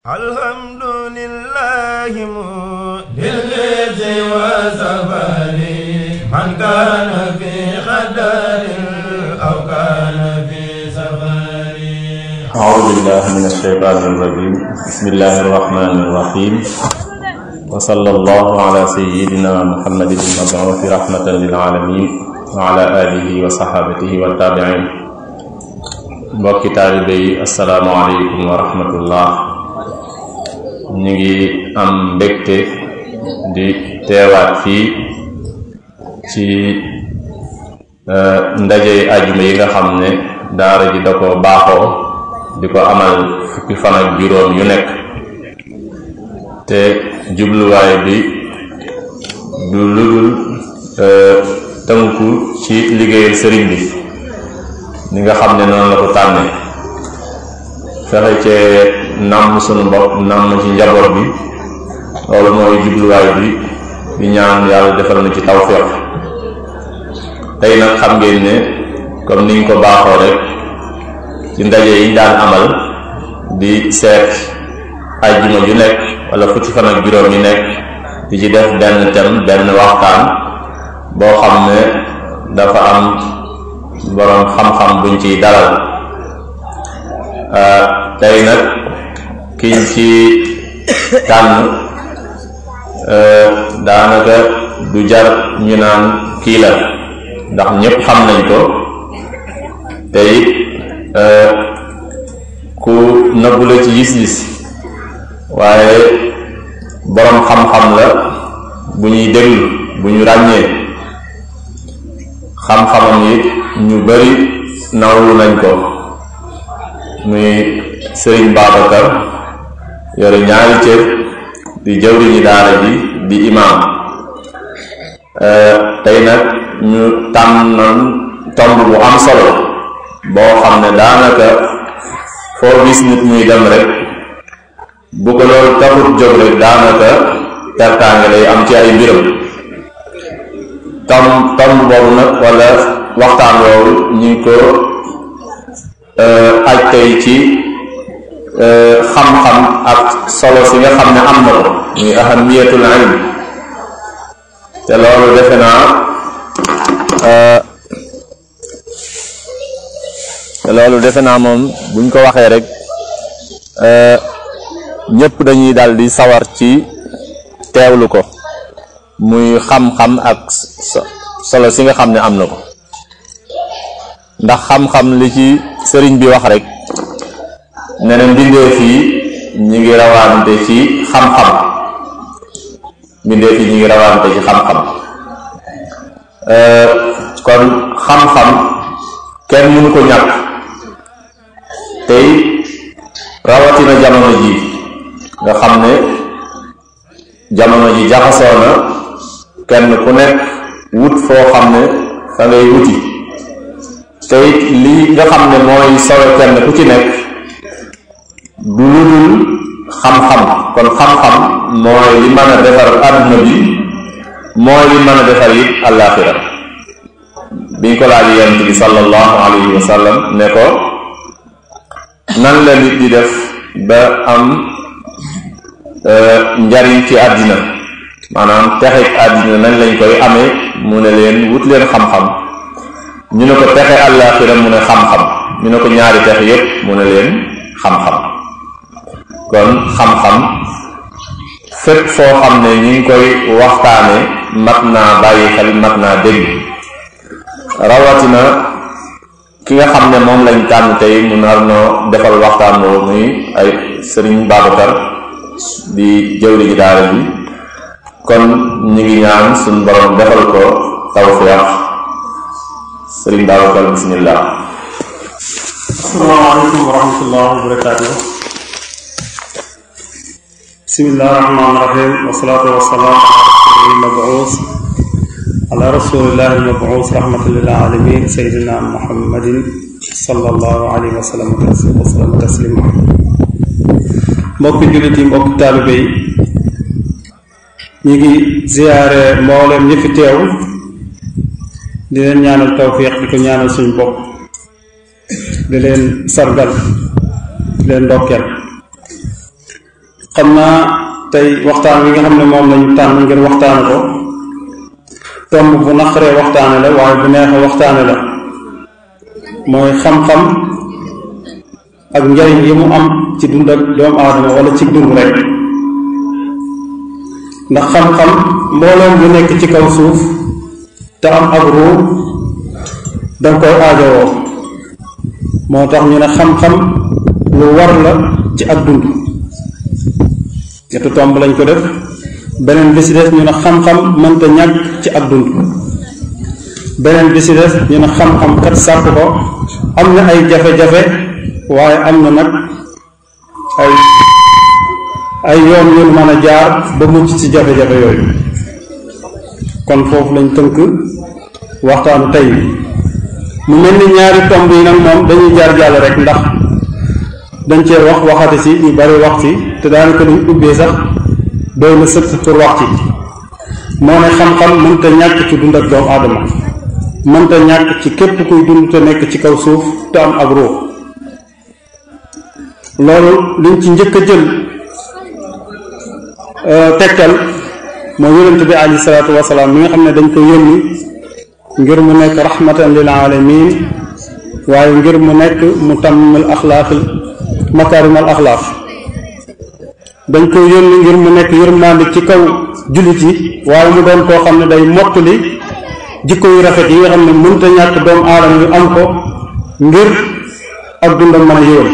alhamdulillahi mu dilgiti wa safari man kaana fi xadarin aw kaana fi safari aoudu billahi min alsheytaani irrajim bismillahi irrahmani irrahim wa salla allahu ala sayidina muhammadin almabuusi rahmatan lilaalamin wa ala alihi wa saxaabatihi wa taabiin mbokki taalibe yi assalaamu aleykum wa rahmatullah ñu ngi am mbégte di teewaat fii ci e, ndajey ajuma yi nga xam ne daara ji da ko baaxoo di ko amal fukki fan juróom yu nekk te jubluwaay bi du ludul e, tënku ci liggéeyal sëriñ bi ni xam ne noonu la ko tànnee fexe cee nàmm sunu bopp nàmm ci njaboot bi loolu mooy jubluwaay bi di ñaan yàlla defal na ci tawfeex tey nag xam ngeen ne comme niñ ko baaxoo rek ci ndaje yi daan amal di seet ajjuma ju nekk wala fukki fan ak juróom yi nekk di ci def benn thème benn waxtaan boo xam ne dafa am boroom xam-xam buñ ciy dalal ah, tey nag kiñ ci tànn euh, daanaka du jar ñu naan kii la ndax ñëpp xam nañ ko te euh, ku nëbbu la ci gis-gis waaye boroom xam-xam la bu ñuy déglu bu ñu ràññee xam-xamam yi ñu bari nawlu nañ ko muy Sëriñ Babacar yore ñaari cër di jawriñu daara ji di imaam euh, tey nag ñu tànnoon tomb bu am solo boo xam ne daanaka foo gis nit muy dem rek bu loolu taxut jóg rek daanaka tertaange lay am ci ay mbiram tomb tomb boobu nag wala waxtaan woowu ñu ngi ko euh, aj tey ci xam-xam ak solo si nga xam ne am na ko muy ahamiyatul ilm te loolu defe naa euh, loolu defe naa moom buñ ko waxee rek euh, ñépp dañuy daal di sawar ci teewlu ko muy xam-xam ak solo si nga xam ne am na ko ndax xam-xam li ci sëriñ bi wax rek ne na mbindeef yi ñi ngi rawaante ci xam-xam mbindeef yi ñi ngi rawaante ci xam-xam euh, kon xam-xam kenn mënu ko ñàkk tey rawatina jamono ji nga xam ne jamono ji jaxasoo na kenn ku nekk wut foo xam ne fa ngay wuti tey lii nga xam ne mooy solo kenn ku ci nekk du lu xam-xam kon xam-xam mooy li mën a defar adduna bi mooy li mën a defar it àllaaxira biñ ko laa yonent bi sallallahu alayhi wa sallam ne ko nan la nit di def ba am e, njariñ ci àddina maanaam texe àddina nañ lañ koy amee mu ne leen wut leen xam-xam ñu ne ko texe àllaaxira mu ne xam-xam ñu ne ko ñaari texe yépp mu ne leen xam-xam kon xam-xam fépp foo xam ne ñu ngi koy waxtaane mat naa bàyyi xel mat naa dégg rawatina ki nga xam ne moom lañ tànn tey mu nar noo defal waxtaan woo muy ay sëriñ Babacar di jëwri ji daara bi kon ñu ngi ñaan suñ borom defal ko tawfiq sëriñ Babacar bismillah bismillahi rahmaani rahiim wasalaatu wasalaam mabuus ala rasulillahi mabuus rahmatan lil alamin sayidina muhammadin sallallahu alayhi wa sallam wa sallam taslima mbokk jullit yi mbokk taalibe yi ñu ngi ziyaare mboolem ñi fi teew di leen ñaanal tawfiq di ko ñaanal suñu bopp di leen sargal di leen ndokkeel xam naa tey waxtaan wi nga xam ne moom lañu tànn ngir waxtaan ko tomb bu naqaree waxtaane la waaye bu neexee waxtaane la mooy xam-xam ak njariñ yi mu am ci dund ak doomu aadama wala ci dund rek ndax xam-xam mbooloom lu nekk ci kaw suuf te am ak ruur danga koy aajowoo moo tax ñu ne xam-xam lu war la ci ak dund ñetti tomb lañ ko def beneen bi si des ñu ne xam-xam mënta ñàkk ci ab dund beneen bi si des ñu ne xam-xam kat sàpp ko am na ay jafe-jafe waaye am na nag ay yoon yu ñu mën a jaar ba mucc ci jafe-jafe yooyu kon foofu lañ tënk waxtaanu tey mu mel ni ñaari tomb yi nag moom dañuy jaar jàll rek ndax dañ cee wax waxati ci ñu bari wax ci te daanaka duñ ubbee sax doy na sëkk pour wax ci dund aadama mënta ñàkk ci képp kuy dund nekk ci kaw suuf te am ak ruux loolu liñ ci njëkk a jël euh, tegtal mooy yonent bi alayhi salaatu wasalaam mi nga xam ne dañ ko yónni ngir mu nekk rahmatan lil alamin waaye ngir mu nekk mu tammil axlaaqil makaarimal axlaaq dañ ko yónni ngir mu nekk yërmande ci kaw jullit yi waaye mu doon koo xam ne day mottali jikko yu rafet yi nga xam ne te ñàkk doomu aadama yu am ko ngir ak dundam mën a yéwén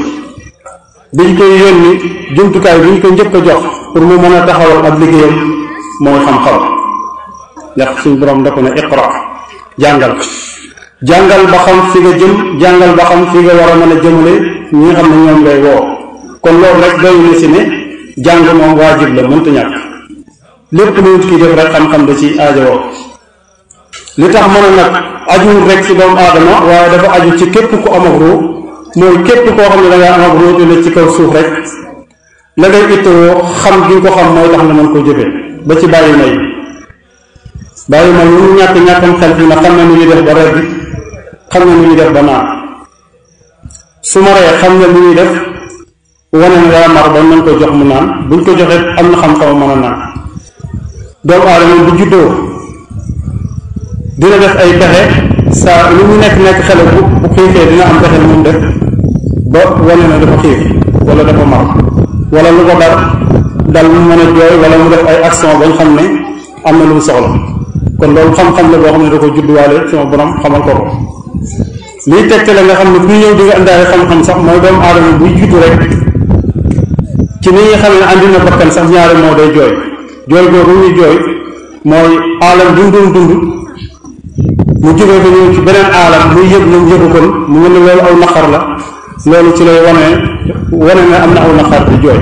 biñ koy yónni jumtukaay biñ ko njëkk a jox pour mu mën a taxawal ak liggéeyam mooy xam-xam ndax suñ borom da ne iqra jàngal jàngal ba xam fi nga jëm jàngal ba xam fi nga war a mën a jëmale ñi xam ne ñoom ngay woo kon loolu rek doy na si ne jàng moom waajib la mënta ñàkk lépp lu nit def rek xam-xam da ci aajowoo li tax mën a nag ajuwul rek si doomu aadama waaye dafa aju ci képp ku am ak ruu mooy képp koo xam ne da am ak ruu dina ci kaw suuf rek la ngay ittewoo xam gi nga ko xam mooy tax nga mën koo jëfee ba ci bàyyi may bàyyi may lu mu ñàkk ñàkkam xel fi na xam na nu ñuy def ba rëdd xam na nu ñuy def ba naan su maree xam nga li ñuy def wane ne daa mar ba nañ ko jox mu naan buñ ko joxee am na xam-xam mën a naan doomu aadama bu juddoo dina def ay pexe sa lu mu nekk nekk xale bu bu xiifee dina am pexe lu mu def ba wane ne dafa xiif wala dafa mar wala lu ko dar dal mu mën a jooy wala mu def ay action bañ xam ne am na lu mu soxla kon loolu xam-xam la boo xam ne da ko judduwaale sama borom xamal ko ko liy tegte la nga xam ne ku ñëw di nga àndaale xam sax mooy doomu aadama buy juddu ni nga xam ne andi na bakkan moo day jooy jooy googu ñuy ci beneen aalam muy mu mel ne loolu aw naqar la loolu ci lay wane wane ne am na aw naqar di jooy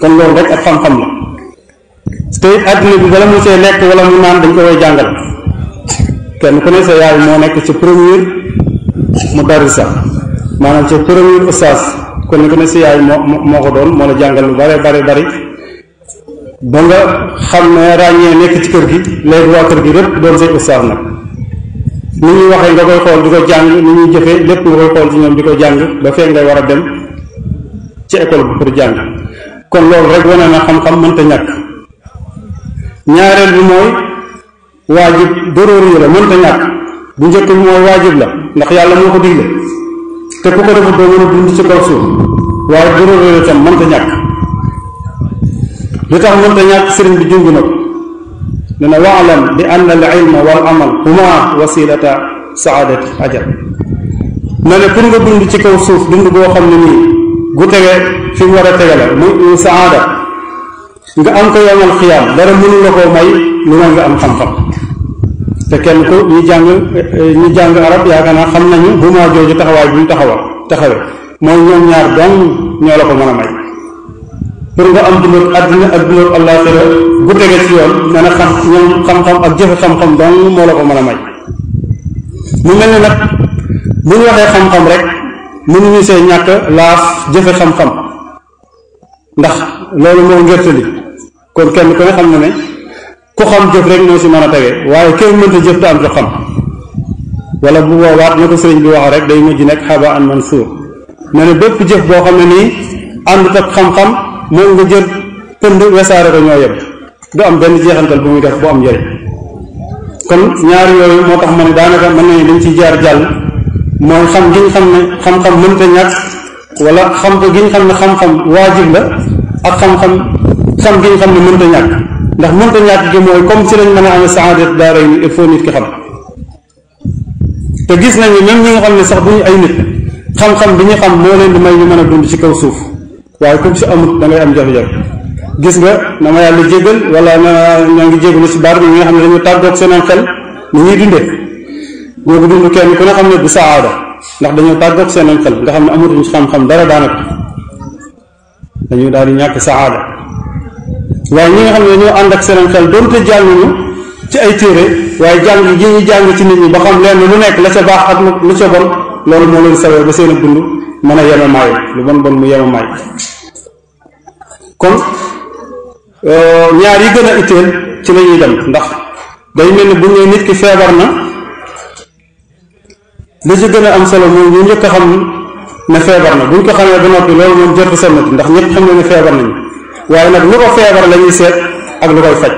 kon loolu rek ak xam-xam la te àddina bi bala mu see lekk wala mu naan dañ ko koy jàngal kenn ku ne sa yaay moo nekk ci première mudarrisa maanaam ca premier ustaas kon ni ko ne si yaay moo moo ko doon moo la jàngal lu bare bare bari ba nga xam ne ràññee nekk ci kër gi léegi waa kër gi lépp doon say ustaas nag ni ñuy waxee nga koy xool di ko jàng ni ñuy jëfee lépp nga koy xool ci ñoom di ko jàng ba fekk ngay war a dem ci école bi pour jàng kon loolu rek wane na xam-xam mënta ñàkk ñaareel bi mooy waajib doroor yi la mënta ñàkk bu njëkk bi mooy waajib la ndax yàlla moo ko digle te ku ko defut doo mën a dund ci kaw suuf waaye gëróorloo tam mënta ñàkk li tax mënta ñàkk sëriñ bi jungu na ko dana waalam bi ann al ilma wal amal huma wasilata saadati ajal na ne pour nga dund ci kaw suuf dund boo xam ne nii gu tege fi mu war a tege mu saada nga am ko yomal xiyaam dara mënu la koo may lu ma nga am xam-xam te kenn ku ñi jàng ñi jàng arab yaakaar naa xam nañu huma jooju taxawaay bu ñu taxawa taxawe mooy ñoom ñaar dong ñoo la ko mën a may pour nga am dundal àddina ak dundal àllaaxira bu tege ci yoon nee na xam ñoom xam-xam ak jëfe xam-xam dong moo la ko mën a may mu mel ni nag bu ñu waxee xam-xam rek mënuñu see ñàkk laaf jëfe xam-xam ndax loolu moo ngértali kon kenn kon xam na ne ku xam jëf rek moo si mën a tege waaye kenn mënta jëf te am ko xam wala bu boobaat na ko sëriñ bi wax rek day mujj nekk xaba an mansuur mel ne bépp jëf boo xam ne nii àndut ak xam-xam moom nga jël pënd wesaare ko ñoo am benn jeexantal bu muy def bu am kon ñaar yooyu moo tax ma ne daanaka mën nañu dañ ciy jaar jàll mooy xam gi xam ne xam-xam mënta ñàkk wala xam ko gi xam ne xam-xam waajib la ak xam-xam xam gi ñu xam ne mënta ñàkk ndax mënta ñàkk gi mooy comme si lañ mën a amee saadat daara yi il faut nit ki xam te gis nañu même ñi nga xam ne sax bu ñu ay nit xam-xam bi ñu xam moo leen di may ñu mën a dund ci kaw suuf waaye comme si amut da am jafe-jafe gis nga na ma yàlla jégal wala na ñaa ngi jégalu si baar bi nga xam ne dañu tàggoog seen xel ni kenn ku ne xam ne bu saada ndax dañoo tàggoog seen xel nga xam ne amatuñu xam-xam dara daanaka dañu daal di ñàkk saada waaye ñi nga xam ne ñoo ànd ak seen xel doonte jànguñu ci ay téere waaye jàng yi ñu jàng ci nit ñi ba xam leen lu nekk la ca baax ak lu ca bon loolu moo leen sawee ba seen dund mën a yema lu bon bon mu yema maay kon euh, ñaar ci la dem ndax day mel ni nit ki feebar na li ci gën a am solo moom xam ne feebar na bu ñu ko xamee ba noppi loolu moom jot ndax ñëpp xam ne ne feebar nañu waaye nag lu ko feebar la seet ak lu koy faj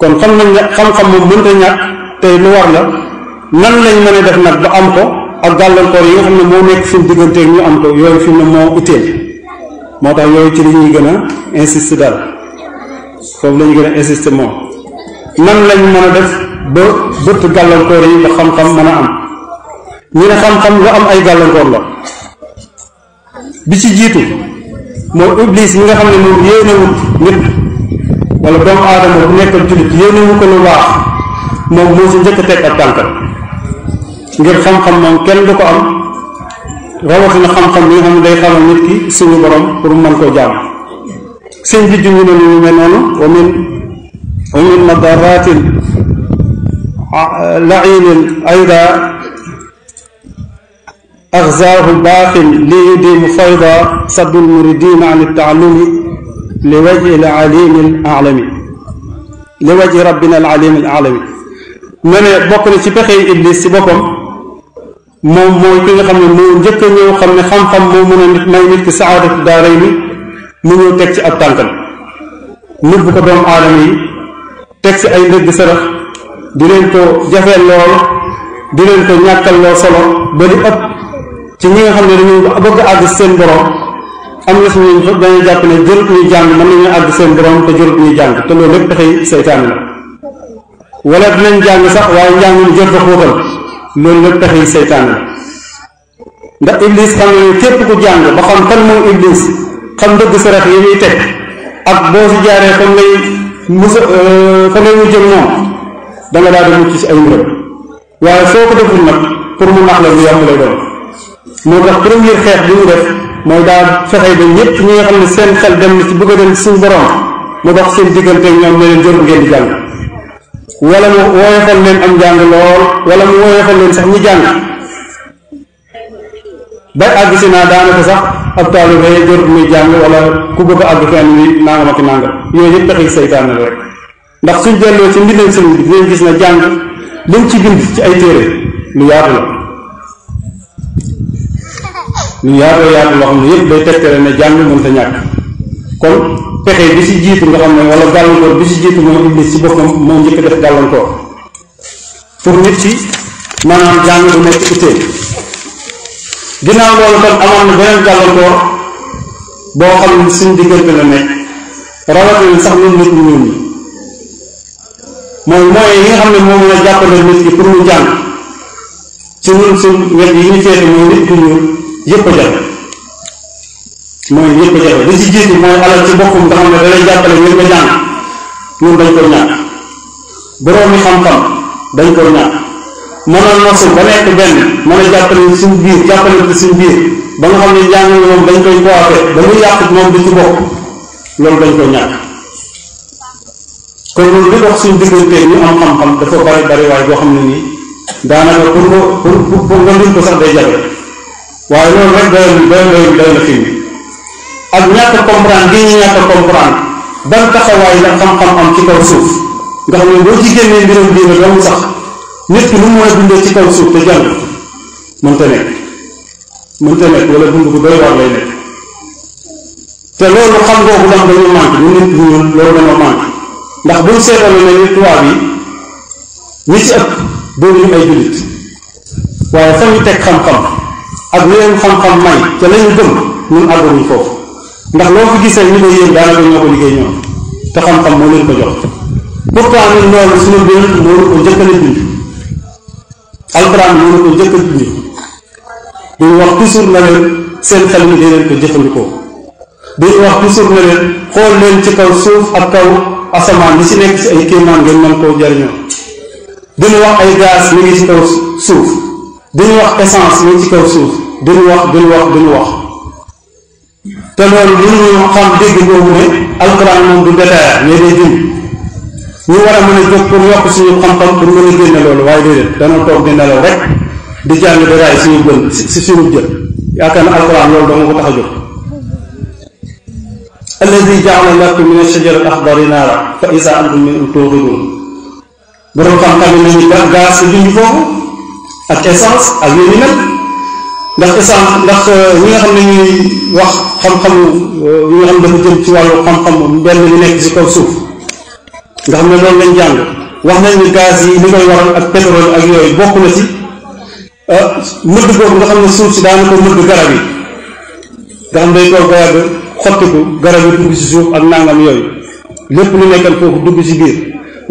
kon xam nañ ne xam-xam moom mënta ñàkk tey lu war la nan lañ mën a def nag ba am ko ak gàllankoor yi nga xam ne moo nekk suñ diggante ñu am ko yooyu fi mu ne moo itteel moo tax yooyu ci li ñuy gën a insister daal foofu la ñuy gën a insister moom nan lañ mën a def ba bëtt gàllankoor yi ba xam-xam mën a am ñu ne xam-xam lu am ay gàllankoor la bi ci jiitu moom iblis mi nga xam ne moom yéenewut nit wala doomu aadama bu nekkal jullit yéenewu ko lu baax moom moo si njëkk a teg ak tànkam ngir xam-xam moom kenn du ko am rawatina xam-xam bi nga xam ne day xamal nit ki suñu koo jàmm seen bi junj na lu noonu wa min wa min madaratin أغزاه الباخل ليديم فيضا صد المريدين عن التعلم لوجه العليم الأعلم لوجه ربنا العليم الأعلم mu ne bokk na ci pexe iblis ci boppam moom mooy ki nga xam ne moo njëkk a ñëw xam ne xam-xam moo mën a nit may nit ki saadatu daaray mi mu ñëw teg ci ab tànkam nëbb ko doomu aadama yi teg ci ay ndëgg sarax di leen ko jafeel lool di leen ko ñàkkal loo solo ba di ci ñi nga xam ne dañu bëgg àgg seen borom am na suñu dañuy jàpp ne jërut ñuy jàng mën nañu àgg seen borom te jërut ñuy jàng te loolu lépp pexey seytaane la wala dinañ jàng sax waaye njàng mu jër fa xóotal loolu lépp pexey seytaane la ndax iblis xam ne képp ku jàng ba xam kan moom iblis xam dëgg sarax yi muy teg ak boo si jaaree fan lay musa euh, fan lay mujjëm moom da nga daal mucc si ay mbiram waaye soo ko deful nag pour mu nax la lu yàqu lay doon moo tax première xeex bi mu def mooy daa fexe ba ñëpp ñi nga xam ne seen xel dem na ci bëgg dem ci suñu borom mu dox seen diggante ñoom ne leen jëru ngeen di jàng wala mu woyofal leen am jàng lool wala mu woyofal leen sax ñi jàng ba àgg si naa daanaka sax ab taalibe jërut muy jàng wala ku bëgg a àgg fenn wi nangam ak nangam yooyu yëpp pexe seytaane la rek ndax suñ delloo ci mbindam sëñ bi dinañ gis na jàng liñ ci bind ci ay téere lu yaatu la lu yaatoo yaatu loo xam ne yëpp day ne jàng mën ta ñàkk kon pexe bi ci jiitu nga xam ne wala gàllankoor bi si jiitu mooy iblis si boppam moo njëkk def gàllankoor pour nit ki maanaam jàng du nekk itteel ginnaaw loolu kon amoon na beneen gàllankoor boo xam ne suñ diggante la nekk rawatina sax ñun nit ñuul ñi mooy yi nga xam ne moom la jàppale nit ki pour mu jàng ci ñun suñ wet yi ñu féete mooy nit ku ñuul yëpp a jar mooy yëpp a jar li si mooy alal ci boppam nga xam ne da lay jàppale ngir nga dañ ko ko ñàkk a nosu ba nekk a jàppale nga jàng moom dañ koy coiffé ba muy yàq moom di ci bopp loolu dañ ko ñàkk kon loolu di dox suñu diggante ñu am xam-xam dafa bari bari waaye boo xam ne nii daanaka pour nga pour pour lim ko sax day jafe waaye loolu rek doy na doy doy doy na firnde ak ñàkk a comprendre gi ñu ñàkk a comprendre ban taxawaay la xam-xam am ci kaw suuf nga xam ne boo ci génnee mbirum diine ba mu sax nit ki lu mu mën a dundee ci kaw suuf te jàng mënta nekk mënta nekk wala dund bu doy waar lay nekk te loolu xam googu ndax dañu manque ñu nit ñun loolu dañoo manque ndax buñ seetale ne nit tubaab yi ñi ci ëpp boobu ñu ay jullit waaye fa ñu teg xam-xam ak lu leen xam-xam may ca lañu gëm ñun àgguñu foofu ndax loo fi gisee ñu ko yéen daanaka ñoo ko liggéey ñoom te xam-xam moo leen ko jox pourtant ñun loolu suñu biir moo ñu ko njëkk a bind alxuraan moo ñu ko njëkk a bind duñu wax toujours na leen seen xel mi dee leen ko jëfandikoo duñu wax toujours na leen xool leen ci kaw suuf ak kaw asamaan li si nekk si ay kéemaan ngeen mën koo jariñoo duñu wax ay gaz mi ngi ci kaw suuf duñu wax essence yi ci kaw suuf duñu wax duñu wax duñu wax te loolu mënuñu xam dégg boobu ne alquran moom du détaillé mais day jëm ñu war a mën a jóg pour yokk suñu xam-xam pour mën a génne loolu waaye déedéet dana toog di nelaw rek di jàng di raay suñu gën si suñu jël yaakaar na alquran loolu dama ko tax a jóg alladi jaala lakum min ashajari al-axdari naara fa isa antum minhu tuuqidun borom xam-xam yi nañu gaas si junj foofu ak essence ak yooyu ñu mel ndax essence ndax euh, ñi nga xam ne ñuy wax xam-xamu yi euh, nga xam ne dafa jëm ci wàllu xam-xamu mbenn mu nekk ci kaw suuf nga xam ne loolu lañ jàng wax nañ ni gaz yi li koy waral ak pétrole ak yooyu bokk na ci euh, mëdd boobu nga xam ne suuf si daana mëdd garab yi nga xam day toog ba yàgg xottiku garab yi dugg ci suuf ak nangam yooyu lépp lu nekkal foofu dugg ci biir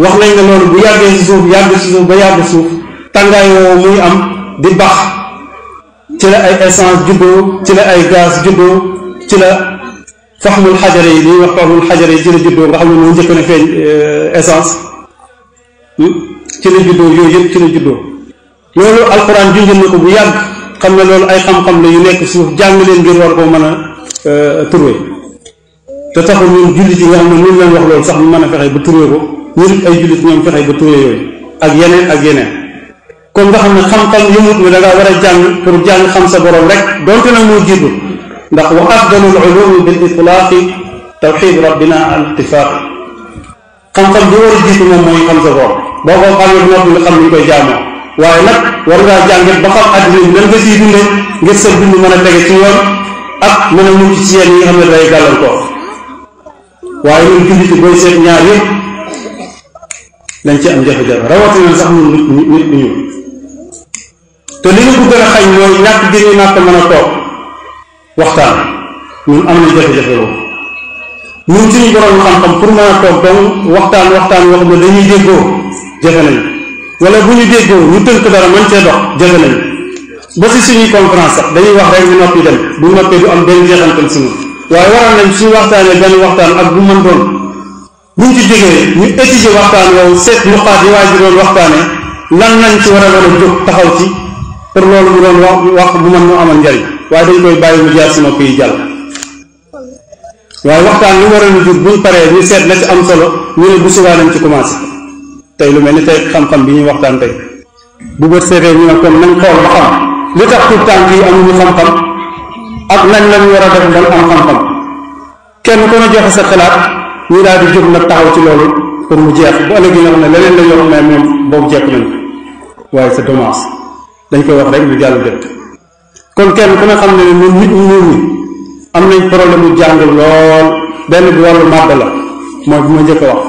wax nañ ne loolu bu yàggee ci suuf yàgg ci suuf ba yàgg suuf tàngaay woowu muy am di ci la ay essence juddoo ci la ay gaz juddoo ci la faxmul xajare yi li wax faxmul yi ci la juddoo nga xam ne moo njëkk na feeñ euh, essence hmm? ci la juddoo yooyu yëpp ci la juddoo ko bu yàgg xam ne loolu ay xam-xam la yu nekk suuf jàng leen ngir war koo mën a euh, turwe te taxul ñun jullit yi nga xam ne wax loolu sax ñu mën a fexe ba turwe ko ñun ay jullit ñoom fexe ba turwe yooyu ak yeneen ak yeneen kon nga xam ne xam-xam yëmut ne da ngaa war a jàng pour jàng xam sa borom rek donte nag moo jiitu ndax wa afdalul ulumi bil itlaaqi tawxid rabbina al ittifaq xam-xam bi war a jiitu moom mooy xam sa borom boo ko xamee nopp nga xam ni koy jaamoo waaye nag war ngaa jànget ba xam addina bi nan nga siy dunde ngir sa dund mën a tege ci yoon ak mën a mucc ci yéen yi nga xam ne day gàllankoor waaye ñun jullit booy seet ñaar yëpp lañ ci am jafe-jafe rawatina sax ñun nit nit ñu te li ñu ko gën a xañ mooy ñàkk gi ñu ñàkk mën a toog waxtaan ñun am na jafe-jafe boobu ñun suñu borom xam-xam pour mën a toog dong waxtaan waxtaan wax ne dañuy déggoo bu ñu dara mën cee dox jafe nañ ba si suñuy conférence sax wax rek ñu noppi dem bu noppee du am benn jeexantal si ñun waaye waral nañ waxtaanee benn waxtaan ak bu mën doon buñ ci jógee ñu étudier waxtaan woowu seet lu xaat yi waa ji waxtaanee lan lañ ci war a mën a jóg taxaw ci pour loolu mu doon wax wax bu mën ñu amal njariñ waaye dañ koy bàyyi mu jaar si nopp yi jàll waaye waxtaan lu waroon jur buñ paree ñu seet la ci am solo ñu ne bu subaa ci commencé tey lu mel ni tey xam-xam bi ñuy waxtaan tey bu bët seetee ñu ne comme nañ xool ba xam li tax tout temps yi amuñu xam-xam ak nañ lañ war a def ba am xam-xam kenn ku a joxe sa xalaat ñu daal di jóg nag taxaw ci loolu pour mu jeex bu ëllëgee nga xam ne leneen la yoo xam ne dañ koy wax rek lu jàll dëkk kon kenn ku ne xam ne mu nit ñi ñun ñi am nañ problème mu jàng lool benn bi wàllu màdd la mooy bi ma njëkk wax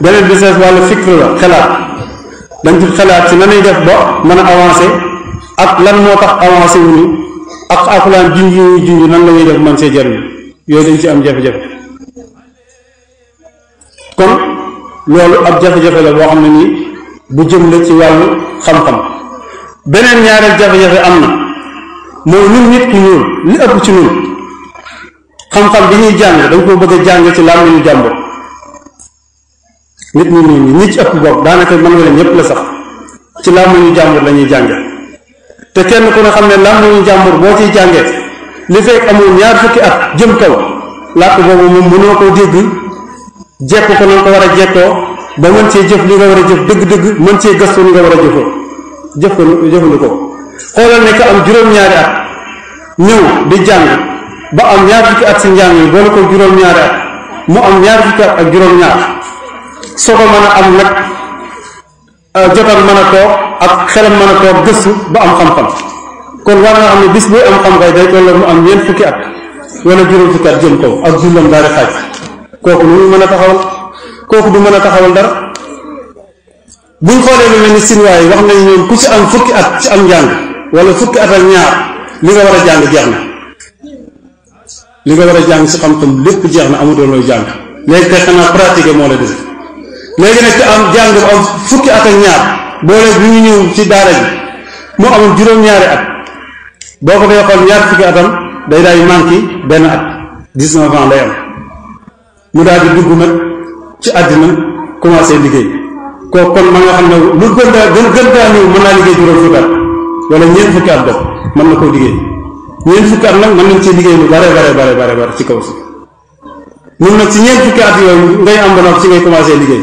beneen bi sees wàllu fikr la xelaat dañ ci xelaat ci nanay def ba mën a avancé ak lan moo tax avancé wu ak ak lan junj yi ñuy junj nan la ñuy def man see jariñ yooyu dañ ci am jafe-jafe kon loolu ab jafe-jafe la boo xam ne nii bu jëm la ci wàllu xam-xam beneen ñaareel jafe-jafe am na mooy ñun nit ki ñuul li ëpp ci ñun xam-xam bi ñuy jàng dañ ko bëgg a jàng ci làmmiñu jàmbur nit ñu ñuul ñi ñi ci ëpp bopp daanaka mën nga leen la sax ci làmmiñu jàmbur la ñuy jànge te kenn ku ne xam ne làmmiñu jàmbur boo ciy jàngee li fekk amul ñaar fukki at jëm kaw làkk boobu moom mënoo koo dégg jekk ko na ko war a jekkoo ba mën cee jëf li nga war a jëf dëgg-dëgg mën cee gëstu li nga war jëfandu jëfandikoo xoolal ne am juróom-ñaari at ñëw di jàng ba am ñaar fukki at si njàng yi boole ko juróom-ñaari at mu am ñaar fukki ak juróom-ñaar mën a am nag euh, jotal mën a toog ak xelam mën a toog gëstu ba am xam-xam kon ne bis am xam-xam day mu am ñeent fukki at wala juróom fukki at jëm kaw daal xaaj kooku nu mu mën a taxawal kooku du mën a taxawal dara. buñ xoolee lu mel ni sinwaay wax nañ ñoom ku ci am fukki at ci am njàng wala fukki at ak ñaar li nga war a jàng jeex na li nga war a jàng ci xam-xam lépp jeex na amutoon looy jàng léegi kay xanaa pratiquer moo la dese léegi nag am jàng bu am fukki at ak ñaar boole bi ñu ñëw ci daara ji mu amul juróom-ñaari at boo ko koy xool ñaar fukki atam day daay manqué benn at dix-neuf ans lay am mu daal di dugg nag ci àddina commencé liggéey kooku kon ma nga xam ne lu gën daa gën gën daa mën naa liggéey juróom fukki at wala ñeent fukki at def mën na koo liggéey ñeent fukki at nañ cee liggéey lu bare bare bare bare ci kaw si ñun nag ci ñeent fukki at yooyu ngay am ba noppi ci ngay commencé liggéey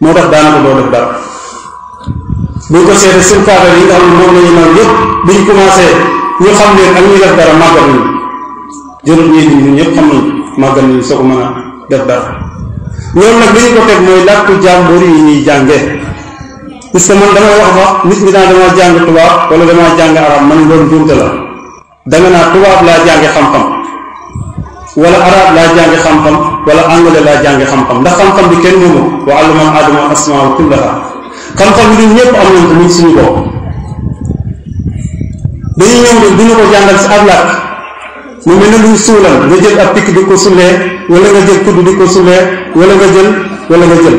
moo tax daanaka doo def dara buñ ko seetee seen faatale yi nga xam ne moom la ñu naan yëpp biñ commencé ñu xam ne ak ñuy def dara màggal nañu jërët ñuy dund ñëpp xam nañu màggal nañu soo ko mën a def dara loolu nag li ñu ko teg mooy làkku jàmbur yi ñuy jànge puisque man damay wax sax nit ñi naa dama jàng tubaab wala dama jàng arab man loolu njuumte la danga naa tubaab laa jànge xam-xam wala arab laa jànge xam-xam wala anglais laa jànge xam-xam ndax xam-xam bi kenn moomu wa allama aadama asmaa kullaha xam-xam bi ñun ñëpp am ko du ñu ko jàngal si ab làkk mu mel ne luñ suulal nga jël ab pikk di ko sulee wala nga jël kudd di ko wala nga jël wala nga jël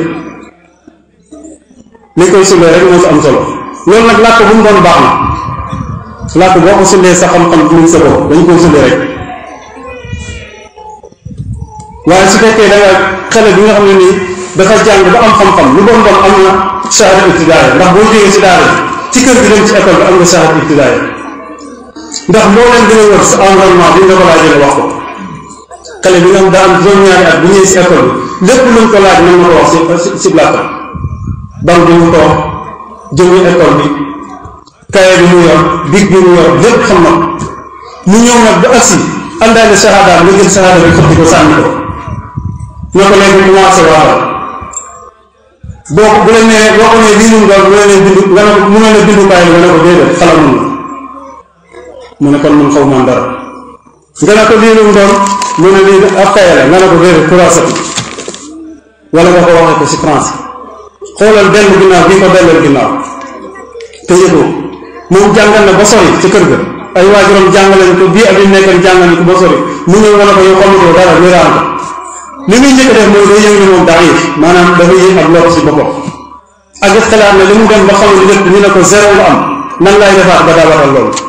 li koy sulee rek moo ci am solo loolu nag làkk bu mu doon baax na làkk boo ko sulee sa xam-xam mu ngi sa bopp dañ koy sulee rek waaye su fekkee da nga bi nga xam ne nii dafa jàng ba am xam-xam lu bon bon am na shahada ibtidaaya ndax boo si daa daara ci kër gi dem ci école bi am nga shahada ibtidaaya ndax loo leen gën a yor sa environnement bi nga ko laajee wax ko xale bi nga xam daa ñaari at bu ñëwee si école bi lépp luñ ko laaj mu toog jëmu bi kaye bi mu yor big bi mu yor lépp xam na mu ñëw nag ba agsi àndaale shahada nga jël shahada bi xëpp ko sànni ko na ko léegi commencé waatal boo bu la nee boo ko nee lii lu mu doon bu nga ne mu ne la bindukaay bi nga ne ko déedéet xalamuñu mu ne kon man xaw ma dara nga ne ko lii lu mu doon mu ne lii ab kaye la nga ne ko réer kurasati wala nga ko waxee ko si français xoolal dellu ginnaaw bi ko dellal ginnaaw te yëgoo moom jàngal na ba sori ci kër ga ay waajuram jàngalañ ko bii ak yu nekkoon jàngal ko ba sori mu ñëw wala ko yow xamutoo dara wéraan ko li muy njëkk a def mooy day yëngu moom daa yëg maanaam dafa yëg ak lor si boppam ak xalaat na mu dem ba xamul lépp ñu ne ko zéro la am nan laay defaat ba daabatal loolu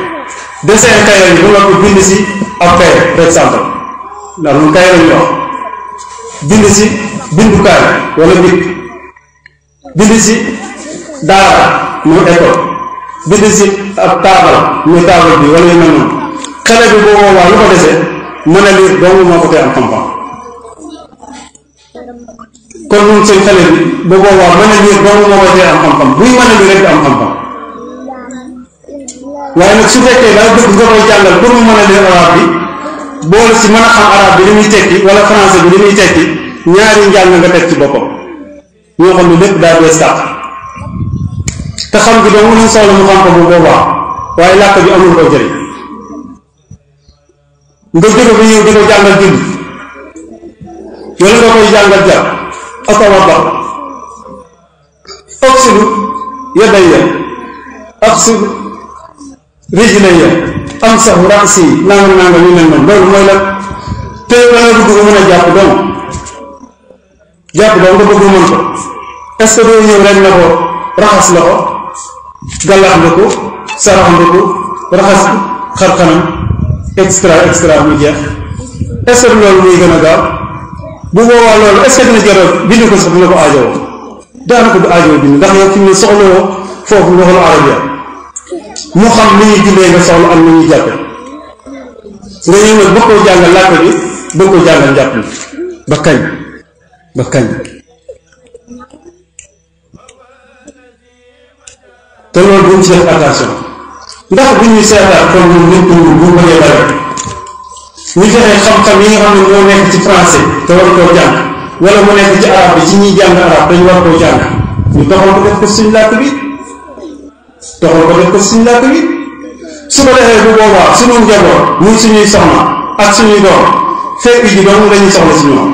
dessin kayoor yi nga ko bind si ab kay par exemple ndax lu kay lañu wax bind si bindukaay wala bit bind si daara muy école bind si ab taabal muy taabal bi wala yu mel noonu xale bi boo boobaa lu ko desee mën a lire doomu ko tee am xam-xam kon ñun seen xale bi boo boobaa mën a lire doomu ko tee am xam-xam buy mën a lire rek am xam-xam waaye nag su fekkee danga bëgg nga koy jàngal pour mu mën a leen arab bi boole si mën a xam arab bi li muy tekki wala français bi li muy tekki ñaari njàng nga teg ci boppam ñoo xam ne lépp daa bees sàq te xam gi doomu luñ soxla mu xam ko boobaa waaye làkk bi amul koo jëriñ nga jóge ba ñëw di ko jàngal julli wala nga koy jàngal jar ak a wabba oxydu riche lay yow am sax raas yi nangam nangam yu mel noonu loolu mooy la te yow da nga bëgg ko a jàpp doom jàpp doom nga bëgg mën ko est-ce que doo ñëw rek na raxas la ko gàllax ko sarax raxas xar kanam extra extra mu jeex est loolu muy gën a gaaw bu boobaa loolu est-ce que dina jaral bind ko sax dina ko aajowoo daanaka du aajowoo ndax yow fi ne soxlawoo foofu loxol arabia mu xam lu ñuy jullee nga soxla am lu ñuy jàppe nga ñëw bi bëgg koo jàngal njàpp bi ba kañ ba kañ te loolu ndax bu ñuy seetaan kon ñun nit ñi bu ñu bëggee bare ñu fexe xam-xam yi nga xam ne moo nekk ci français te war koo jàng wala mu nekk ci arab bi ci ñuy jàng arab dañu war koo jàng ñu taxaw ko def ko suñ làkk bi doxal ko def ko suñu làkk bi su ko defee bu boobaa suñu njaboot muy suñuy soxna ak suñuy doom fekk ji doom ñuy soxla si ñoom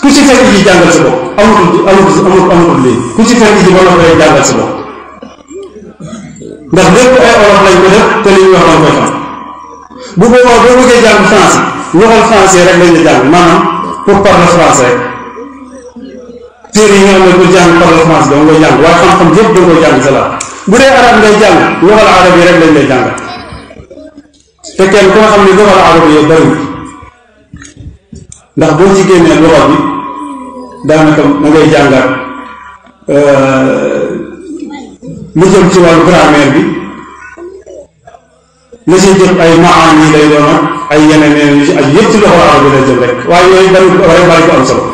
ku ci fekk ji jàngal sa bopp amatul amatul amatul amatul léegi ku ci fekk ji ba nga koy jàngal sa bopp ndax lépp ay olof lañ ko def te li ñuy wax lañ koy xam bu boobaa boo rek lañ la jàng maanaam pour parler français rek. te yi nga xam ne bu jàng par référence danga koy jàng waaye xam-xam yëpp danga koy jàng salaat bu dee arab ngay jàng luxal arab yi rek lañ lay jàng te kenn ku nga xam ne luxal arab yi bi daanaka ma ngay euh, jëm ci wàllu grammaire bi la si jëm ay maani lay doon ay yeneen yeneen yu ci aj yëpp ci luxal lay jëm rek waaye yooyu bari am solo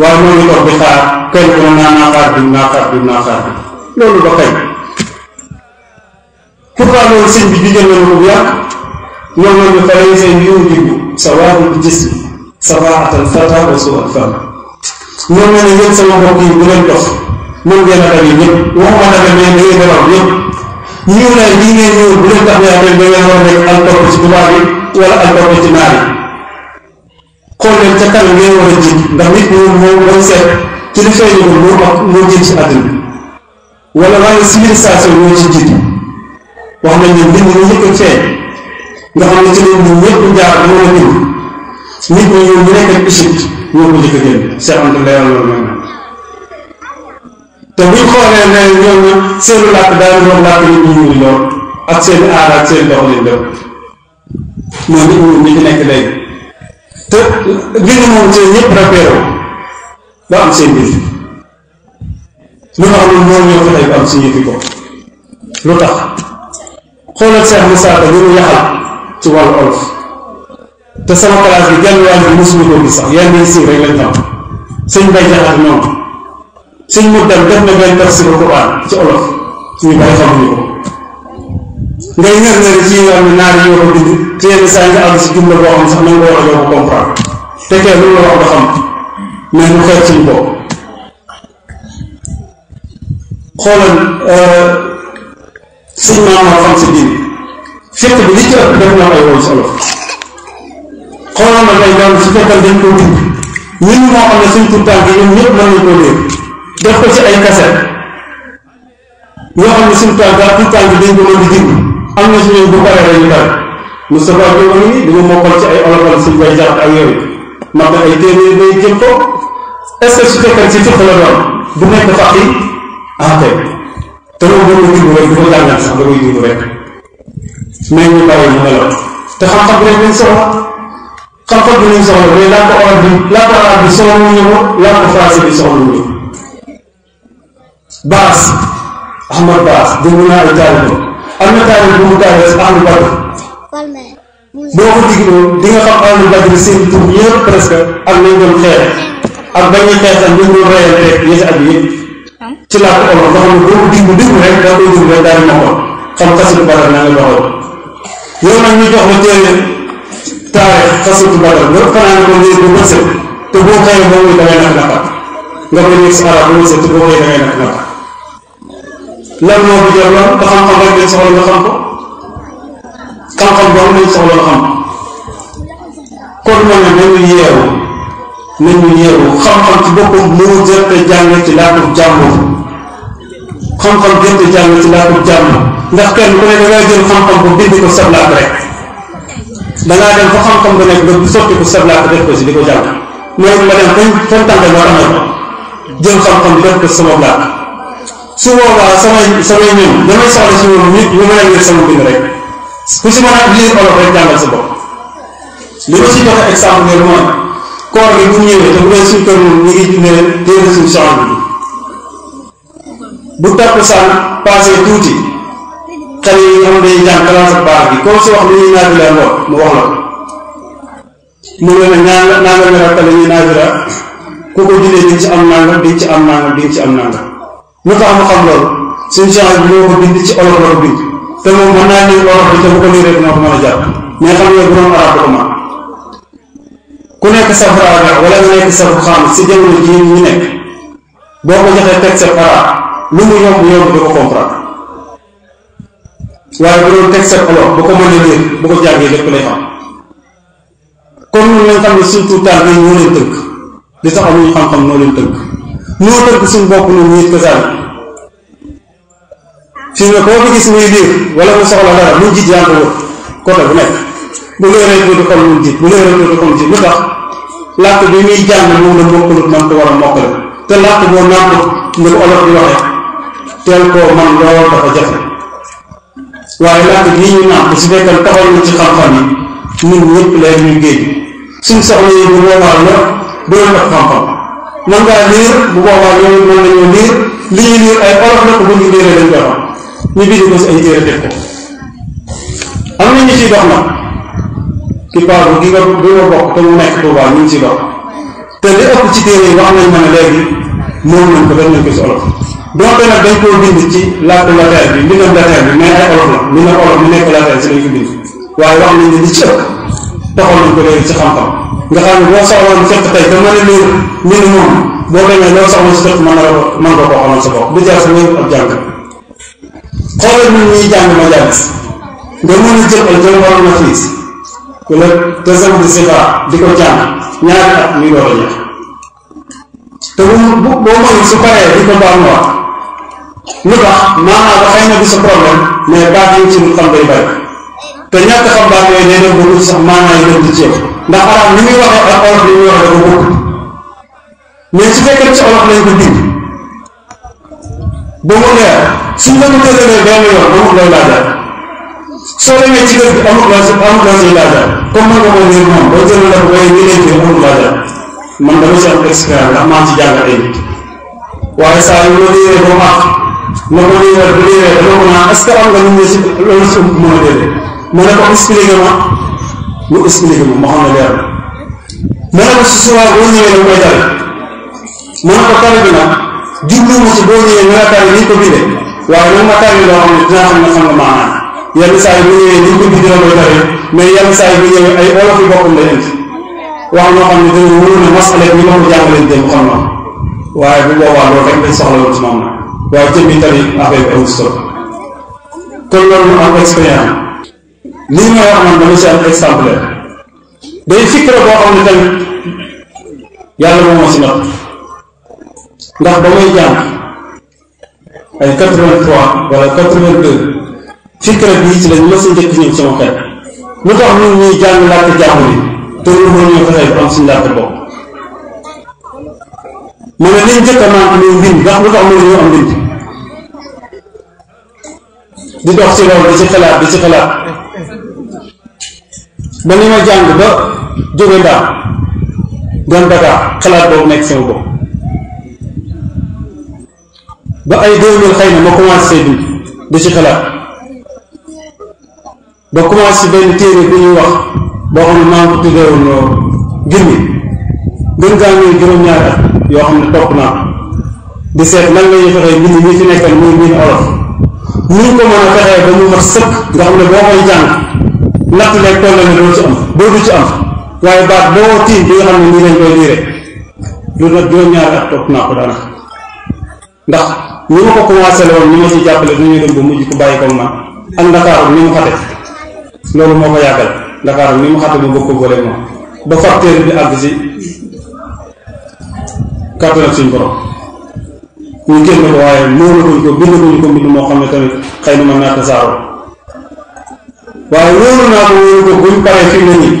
waaw moo ngi toog xaar kenn ku ne naa xaar diw naa xaar diw naa xaar diw loolu ba kañ pourquoi loolu sëñ bi digal nañu ko bu yàgg ñoom nañu fay seen yoon diw sa waatul gis bi sa waatal fata wa su al fam ñoom ne yéen sama mbokk bu leen dox mën ngeen a daje ñëpp waxuma daje mais da ngeen dawaw ñëpp ñëw na bu leen tax ne da ngeen war a nekk al topp ci tubaab yi al topp ci naar xool leen ca kanam ngeen war a jiit ndax nit moom moo mooy seet ci li feeñagul moo wax moo jiit ci àdduna wala waaye civilisation ñoo ci jiit wax nañ ne mbind ñu njëkk fee nga xam ñu moo la bind nit ñi ñoom ñu nekk ak Égypte ñoo ko njëkk a génn Cheikh Anta leeral loolu mooy nag te buñ xoolee ne ñoom seen làkk daal ñoom làkk nit ñi ñuul lool ak nit ñi ñu ci nekk léegi te li nga moom ñoom ñëpp repéré ba am seen biir lu ma amul moom ñoo fexe ba am suñu fi ko lu tax xoolal Cheikh Moussa Ka ñu mu yaxal ci wàllu olof te sama classe bi genn wàll bi mosuñu ko gis sax yenn yi siiw rek lañ xam sëñ Bay Jaxate noonu sëñ mu dem def na benn tafsiru Quran ci olof ñu bari xamuñu ko ngay ñor ñor ci yoo xam ne naar ñoo ko bind te yenn saa yi nga si jumla boo xam sax na nga war a yow comprendre te kee lu wax ba xam mais mu euh, fekk bi li ci def na ay woon solo xoolal nag ay doon su fekkal dañ koo bind ñun moo xam ne suñ tuntànk yi ñoom ñëpp nañ koo dégg def ko ci ay kaset yoo xam ne suñ tànk dañ ko mën di am na si ñun bu paree dañu pare Moustapha Diop a ngi dama mokkal ci ay olofal si bay jàpp ak yooyu mag ay téeméer bay jëm ko su fekkee ci fiq la doon du nekk faqi ah kay te loolu boo ko jublu rek du ko jàngal sax da koy jublu rek mais ñu bàyyi mu nelaw te xam-xam bi rek lañ soxla xam-xam bi lañ soxla mais laa ko or bi Baas Ahmad Baas naa ay taalibe am na taal bu mu taal Ahlu Badr boo ko digloo di nga xam Ahlu Badr seen tur yëpp presque ak nañ doon xeex ak bañ a xeex ak ñu doon reyal rek ñetti at yëpp ci ko olof nga xam ko xam xasitu Badr naa nga yow nag ñu jox la téere taarix xasitu Badr nga fanaan ko ngeen bu wërsëg te boo xëyee boo muy da ngay naq naqar nga bañ a si arab bu wërsëg te boo xëyee da ngay naq naqar lan moo ko jar lan te xam-xam rek lañ soxla nga xam ko xam-xam boobu lañ soxla nga jàng ci laatub jàmbur xam ndax kenn ku ne dangay jël xam-xam bu bind ko sablaat rek dangaa dem fa xam-xam ba nekk ba bu sotti ko def ko si di ko jàng mooy ma dem fañ fañ tànk war a jël xam-xam bi def ko sama blaat su boobaa samay samay ñun damay soxla si ñoom nit ñu mën a wér sama bind rek ku si mën a lire olof rek jàngal sa bopp bu ñëwee te bu tuuti xale yi ñoom day jàng classe bi comme si wax lu ñuy naafila ngoon mu wax la mu ne ñaan naa nga mel ak ñuy naafila ku ko jëlee di ci am nangam di ci am nangam di ci am nangam. lu tax mu xam loolu suñu changement bi moo bind ci olof la ko bind te moom mën naa lii olof bi te bu ko lii rek a jàpp mais xam nga bu doon ko mën ku nekk sa arab wala nga nekk xam lañ xam ne surtout taal nañ ñoo leen tënk li tax amuñu xam-xam noo leen tënk. noo tënk suñu bopp ñun ñii kasaan fi mu ne koo fi gis muy liir wala mu soxla dara mu jiit yaa ngi bu nekk bu leeree tuuti xol mu jiit bu leeree tuuti xol mu jiit lu tax làkk bi muy jàng moom la mokkalut man ko war a mokkale te làkk boo nàmput ni ko olof di waxee teel koo man lool dafa jafe waaye làkk bii ñu nàmp su fekkee taxaw na ci xam-xam yi ñun ñëpp leer ñuy géej suñ soxla yi bu boobaa la doon tax xam-xam mën ngaa liir bu boobaa ñoom nañoo liir li ñuy liir ay olof nag bu ñu liiree dañ koy xam ko si ay téere def ko na ñu ciy dox nag ki paabu bi nga bokk te ma bi mbindam latin ay olof la mbindam olof mi nekk si lañ ko waaye wax nañ ne li ci ëpp nañ ko léegi ci xam-xam nga xam ne boo soxloon fekk tey te mën a lii lii moom boo demee loo fekk mën na mën nga koo xamal sa bopp du jar sa wéy ab jàng xoolal nit ñuy jàng ma jàng nga mën a jël ay jël waroon na fii wala deuxième de sifa di ko jàng ñaari at muy door bu bu ci lu ndax arab li muy waxee ak olof li muy waxee dafa bokkut mais su fekkee ci olof lañ ko bind ba mu leer suñ la ko tëralee benn yoon amul looy laajal soo demee ci dëkk bi amul loo si amul loo siy laajal comme man nga moom moom boo jëlee la ko waaye ñu leen amul laajal man dama si am expert ndax maa ci jàng ay nit waaye saa yu ma liiree ba mu àq ma ko liiree ba liiree dama ko naan est ce que am nga lu ñu si loolu si mën a déedéet ma ne ko expliqué ma mu expliqué ma xam ne leer na dana ko si souvent boo ñëwee da koy dal mën na ko tari bi nag jubluwuma boo ñëwee nga tari ni ko bindee ma tari loo xam ne bu ñëwee ni ko bindee koy tari mais yenn saa yi bu ñëwee ay olof yu bokkul lay indi wax ñoo xam ne dana ne masale bi ma ko jàngalee dem xam na waaye bu boobaa loolu rek dañ soxla woon ci moom nag waaye jëmmi tari affaire bi amul solo kon loolu am expérience li ñu may man dama si am exemple day fikra boo xam ne tamit yàlla moom moo si natt ndax ba may jàng ay quatre-vingt-trois wala quatre-vingt-deux fikra bii ci lañ ma si njëkk ñëw sama xel lu tax ñun ñuy jàng làkk jàmm ni te ñu mën fexee ba am suñu làkk bopp mu ne liñ njëkk a manqué muy mbind ndax lu tax mënu ñu am mbind di dox ci loolu di ci xalaat di ci xalaat ba ni ma jàng ba jóge ndaam dem xalaat boobu nekk sama bopp ba ay deux mille xëy na ma commencé di ci xalaat ba commencé benn téere bi ñuy wax boo xam ne maa ngi ko tuddeewoon ngir euh, gën gaa juróom-ñaari at yoo xam ne topp naa di seet lan la ñuy fexee mbind ñi fi nekkal muy mbind olof ñu ko mën a fexee ba mu mat sëkk nga xam ne boo koy jàng natt nag toll na doo ci am boo du ci am waaye baat boo tiim bi nga xam ne nii lañ koy liire lu nag juróom-ñaari at topp naa ko daanaka ndax ñi ma ko commencé la woon ñi ma ci jàppale dañuy dem ba mujj ku bàyyi ko man ak ndakaaru ni mu xate loolu moo ko yàggal ndakaaru ni mu xate mu bëgg ko moom ba facteur bi àgg si kàttan ak suñu borom ñu génn ko waaye moom la bind ko ñu bind moo xam ne tamit xëy na mën naa tasaaroo waaye wóoru naa ko wóoru ko buñ paree fi mu nii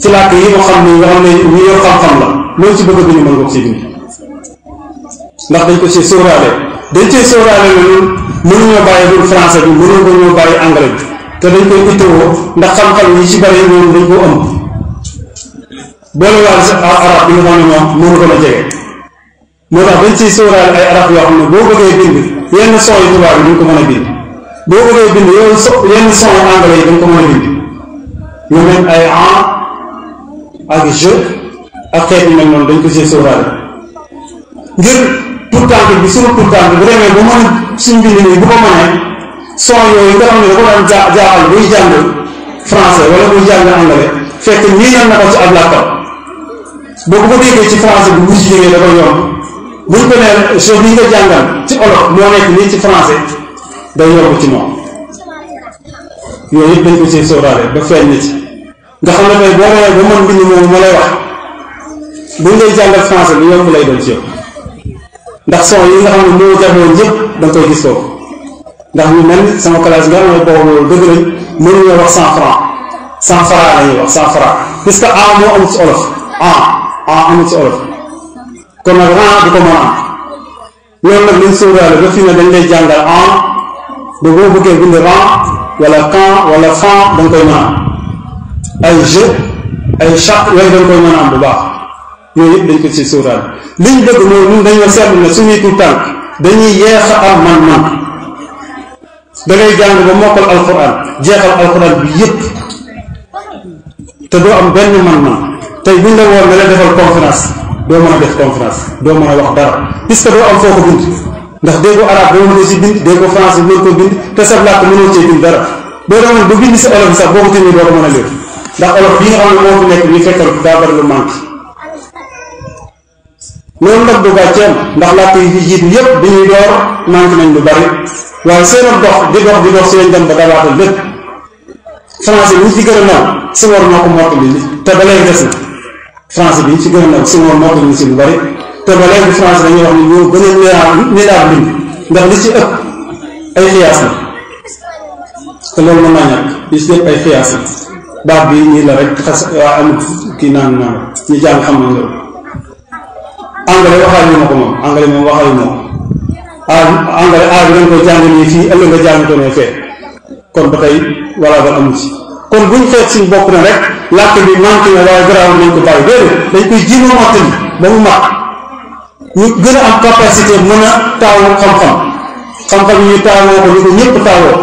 ci yi mu xam ne nga xam xam la loolu ci bëgg a bind mën ko ci bind ndax dañ ko si sóoraale dañ cee sóoraale loolu mënuñoo bàyyi te dañ ndax xam-xam yi ci bari loolu dañ bi nga xam gën a jege moo tax dañ ciy sóoraale ay arab yoo xam ne boo bëggee bind yenn sooy tubaab yi duñ ko mën a bind boo ko koy bind yow so yenn son anglais yi dañ ko mën a bind yu mel ay en ak je ak xeet yu mel noonu dañ ko see sóoraale ngir pour tànk bi suñu pour tànk bu demee ba mën a suñu bind nii bu ko son yooyu nga xam ne da ko daan jaa jaaxal buy jàng français wala buy jàng anglais fekk nii nan na ko ci ab làkkal boo ko déggee ci français bi bu ci jógee da ko yomb buñ ko nee je ci olof moo nekk nii ci français day yomb ci moom yooyu yëpp dañ ko ci sóoraale ba feeñ na ci nga xam ne tey boo rawee ba mën mbind moomu ma lay wax buñ lay jàngal français bi yomb lay doon ci yow ndax son yi nga xam ne moo da nga koy gis foofu ndax ñu mel kon nag a ba fii ne dañ lay jàngal en donc boo bëggee bind ran wala kan wala fan da koy mën am ay jë ay chaq yooyu da koy mën a am bu baax yooyu yëpp dañ ko ci suuraal liñ bëgg mooy dañoo seetlu ne suñuy tout dañuy yeex a am man-man da ngay jàng ba mokkal alquran jeexal alquran bi yëpp te doo am benn man-man tey buñ la woon ne defal conférence doo mën a def conférence doo mën a wax dara puisque doo am foo ko ndax déggoo arabe doo mën ko si bind déggoo français mën ko bind te sab làkk mënoo cee bind dara boo demoon ba bind si olof sax boo ko tëjee doo ko mën a léegi ndax olof bi nga xam ne moo fi nekk ñu fekkal daa bari lu manqué loolu nag du nañ lu bari waaye seen dox di dox di dox si lañ dem ba dabaatal lépp français bi ñu ci gën a naw si war moo ko mottali te ba lay des na français bi ñu ci gën a naw si war mottali si lu bari te ba léegi France dañuy wax ni ñoo gën a néew néewaat bind ndax li ci ëpp ay xiyaas la te loolu mën naa ñàkk li ci ëpp ay xiyaas la baat bi nii la rek xas waa amut kii naan naan ñu jàng xam nañ loolu anglais waxaale ma ko moom anglais moom waxaale ma ko ah anglais ah bi dañ koy jàng nii fii ëllëg nga jàng ko nee fee kon ba tey walla ba amu ci kon buñ xeet suñ bopp na rek làkk bi manqué na waaye garaaw nañ ko bàyyi déedéet dañ koy ji ma mottali ba mu mag ñu gën a am capacité mën a taawu xam-xam xam-xam ñu taawoo ko ñu ko ñëpp taawoo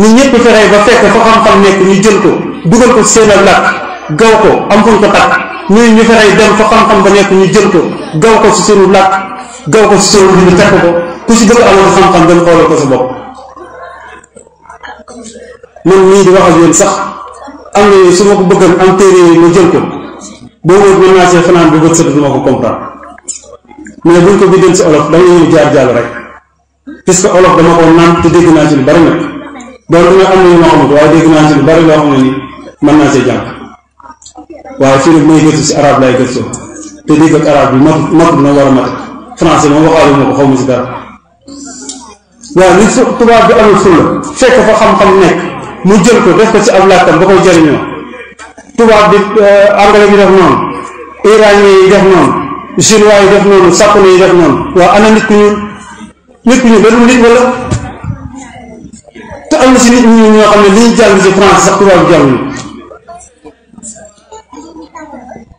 ñu ñëpp fexe ba fekk fa xam-xam nekk ñu jël ko dugal ko seen a làkk gaw ko am fuñ ko takk ñuy ñu fexe dem fa xam-xam ba nekk ñu jël ko gaw ko si seenu làkk gaw ko si seenu bi ñu takk ko ku si bëgg amoon xam-xam dem xoolal ko sa bopp man nii di wax ak yéen sax am ne su ma ko bëggoon am téere yi ma jël ko boo mën naa see fanaan bu bët sëdd du ko mais buñ ko bindee si olof danga ñëw jaar jàll rek puisque olof dama ko naan te dégg naa ci lu bari nag loolu dina am nañu lu bari loo xam ne ni mën naa see jàng waaye fii nag may bi mat mat na war a ko xaw ma si dara waaw li tubaab bi amul fulla fekk fa xam-xam nekk mu jël ko def ko ci ab làkkam ba koy jëriñoo tubaab bi euh, anglais bi def noonu iranien def noonu chinois yi def noonu sàppale yi def noonu waaw ana nit ku ñuul nit ku ñuul da am si li ñu jàng ci France sax tubaab jàng ñu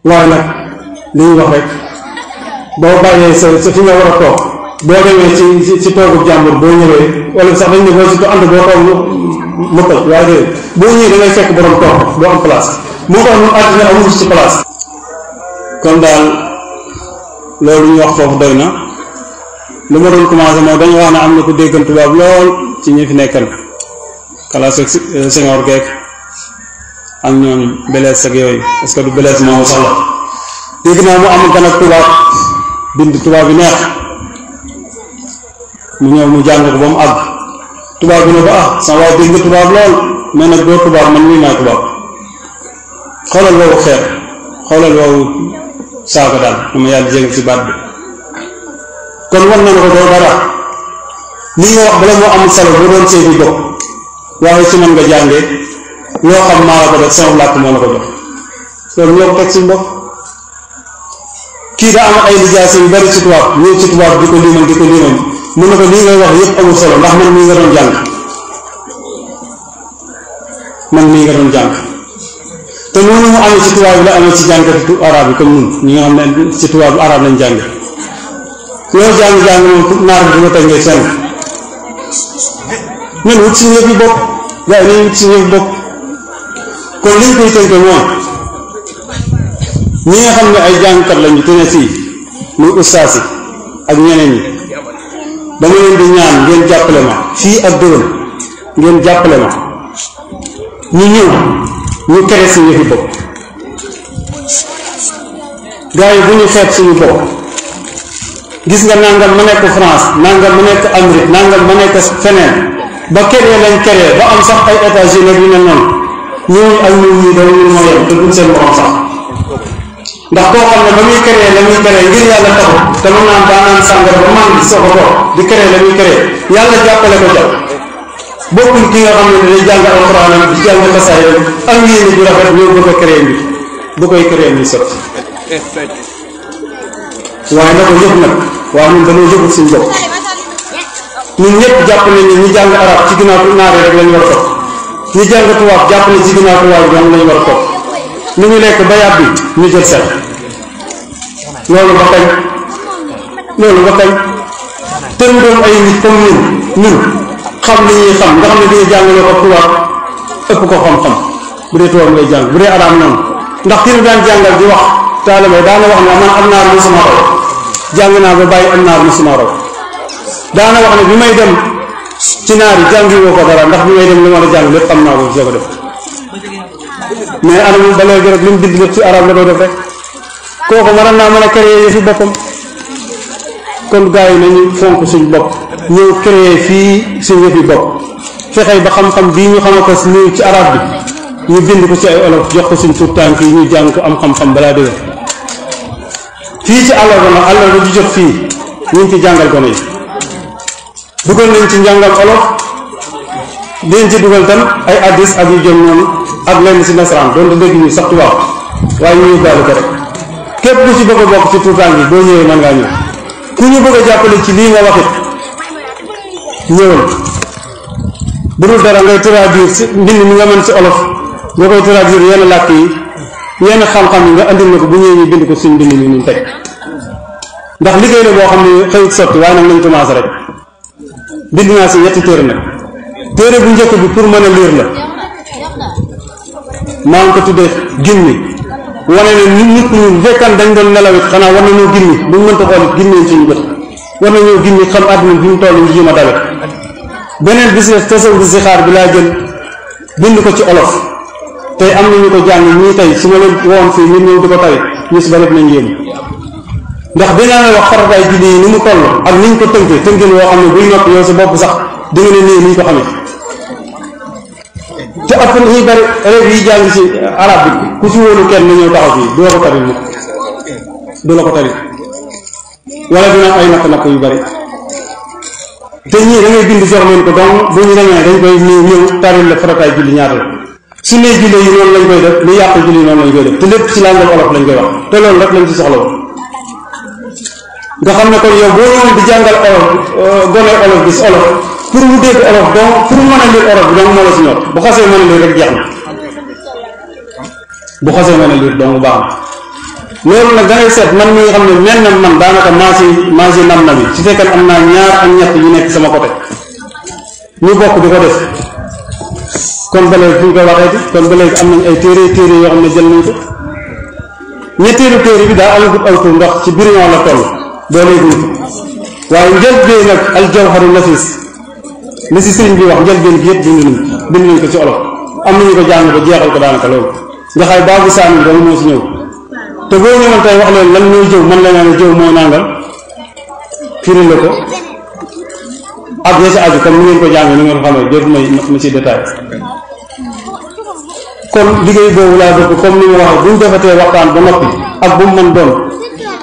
waaye nag li ñu wax boo bàyyee sa fi nga war a toog boo demee ci ci ci toogu jàmbur boo ñëwee wala sax dañ ne boo si ko ànd boo toog mu toj waaye déedéet boo ñëwee da ngay fekk boo am place mu ko am àddina amul ci place kon daal. loolu ñu wax foofu doy na lu ma doon commencé mooy dañu wax ne am na ko déggan tubaab lool ci ñi fi nekkan kalaas ak Senghor geek ak ñooñu belees ak yooyu parce que du belees moomu sax la dégg naa mu am gan ak tubaab bind tubaab bi neex mu ñëw mu jàng ko ba mu àgg tubaab bi ne ko ah sama waay dégg nga tubaab lool mais nag doo tubaab man muy naa tubaab xoolal boobu xeer xoolal boobu saaga daal dama yàlla jégal ci baat bi kon war nañ ko doo dara li nga wax bala moo amul solo bu doon seeti bopp waaye ci man nga jànge loo xam maa la ko def sama làkk moo la ko jox loolu ñoo kii daa am ay lijaas yu bari ci ko limal di ko limal mun na ko lii ngay wax yëpp amul solo ndax man mii nga doon jàng man mii nga doon jàng te noonu mu amee ci tubaab bi la amee ci jàngatu arab yi comme ñun ñi nga xam ne ci tubaab bu arab lañ jàng loolu jàng-jàng moom naar bi du ma tënkee fenn ñun wut suñu yëf yi moom ñi nga xam ne ay jàngkat lañu tene fii muy ustaas ak ñeneen ñi dama leen di ñaan ngeen jàppale ma fii ak déwén ngeen jàppale ma ñu ñëw ñu tere suñu fi bopp gars yi bu ñu xeeb suñu bopp gis nga nangam ma nekk France nangam ba nekk Amérique nangam ma nekk feneen ba keneen lañ créé ba am sax ay États-Unis yu ne noonu ñooñu ak ñun ñii dañu ñu moo yem te duñ seen borom sax ndax koo xam ne ba muy créé la muy ngir yàlla taxu te mën naan daa sàngara ba maan bi soo ko di créé la muy yàlla jàppale ko jàpp bokkul ki nga xam ne dina jàng alxuraanam di jàng xasaayam ak yéene ju rafet ñëw ba ko créé bi bu koy créé bi sotti waaye na ko yëg nag waaye ñun dañoo yëgul suñu bopp ñun nañ ne ñu jàng arab ci ginnaaw naar yi rek lañ war a topp ñu ci ginnaaw tubaab yi lañ a ñu ngi lekk ba yàbbi ñu jël set loolu ba kañ loolu ba kañ tëndoon ay nit comme ñun ñun xam li ñuy xam nga xam ne dañuy jàngale ko tubaab ëpp ko xam-xam bu dee tubaab ngay jàng bu dee araam noonu ndax ki ñu daan jàngal di wax taalibe daana am naar mu sama raw naa ba bàyyi am naar mu sama raw daana wax ne bi ci naar yi jàngi woo ko ndax bi may dem la jàng lépp xam naa ko soo ko def mais anam naa mën a créer yëfi boppam kon gars yi nañu fonk suñ bopp ñëw créer fii suñ yëf yi bopp fexe ba xam-xam bii ñu xamal ko si ci arab bi ñu bind ko ci ay olof jox ko suñ tuut tànk yi ñu jàng ko am xam-xam balaa déwén fii ci àllarba nag àllarba ju jot fii ñu ngi ci jàngal gone yi dugal nañ ci njàngal olof dinañ ci dugal tam ay addis ak yu jëm noonu ak lenn si nasaraan doon da dégg ñu sax tubaab waaye ñu yóbbaale ko rek képp ku ci bëgg a bokk ci tuutànk yi boo ñëwee mën ngaa ñëw ku ñu bëgg a ci lii nga wax it bu dul dara ngay traduire si mbind mi nga mën si olof nga koy traduire yenn làkk yi yenn xam-xam yi nga andil na bu ñëwee ñu bind ko suñ mbind mi ñu teg ndax liggéey la boo xam ne xëyut sotti waaye nag nañ commencé rek bind naa si ñetti téere nag téere bu njëkk bi pour mën a lire la maa ngi ko tuddee junni wane ne nit nit ñi bu fekkaan dañ doon nelawit xanaa war nañoo gindi bu ñu mënta xool gindi suñu bët war nañoo gindi xam àdduna bi mu ñu jéem a beneen bi si tasawur si xaar bi laa jël bind ko ci olof tey am nañu ko jàng ñii tey su ma leen woon fii nit ñëw di ko tawi ñu si lañ lépp nañ yéen ndax dinaa la wax farataay julli yi ni mu toll ak niñ ko tënkee tënkee woo xam ne buy noppi yow sa bopp sax di ne nii niñ ko xamee askan dañuy bëri élèves yi jàng ci arab bi ku ci wóolu kenn na ñëw taxaw fii du la ko tari la ko tari wala dina ay napp napp yu bëri te ñii da ngay bind jox leen ko donc bu ñu demee dañ koy ñëw ñëw taril la farataay julli ñaata la su ne julli yi noonu lañ koy def li yàq julli yi noonu lañ koy def te lépp si langue wolof lañ koy wax te loolu rek lañ ci soxla woon nga xam ne kon yow boo ñëwee di jàngal olof euh, gone olof olof pour mu dégg olof donc pour mu mën a lire olof bi donc moo la si ñor bu xasee mën a lire rek jeex na bu xasee mën a lire donc baax na loolu nag da ngay seet man mi xam ne mel na man daanaka maa si maa si nam na bi su fekkee am naa ñaar ak ñett yu nekk sama côté ñu bokk di ko def kon ba léegi fu ñu ko waxeeti kon ba léegi am nañ ay téere téere yoo xam ne jël nañ ko ñetteelu téere bi daa amagut aw tur ndax ci biriñoo la toll doo léegi waaye njël bee nag al jawharu li si sëriñ bi wax njëlbéen bi yëpp bind nañ bind nañ ko ci olof am nañu ko jàng ko jeexal ko daanaka loolu nga xam baabu saani dama moo si ñëw te boo ñëwoon tey wax leen lan mooy jëw man la naan jëw mooy nàngam firi la ko ak ya si ko jàng ni ngeen xamee jot may ma ci détail kon liggéey boobu laa bëgg comme ni ma waxee bu ñu defatee waxtaan ba noppi ak bu mu mën doon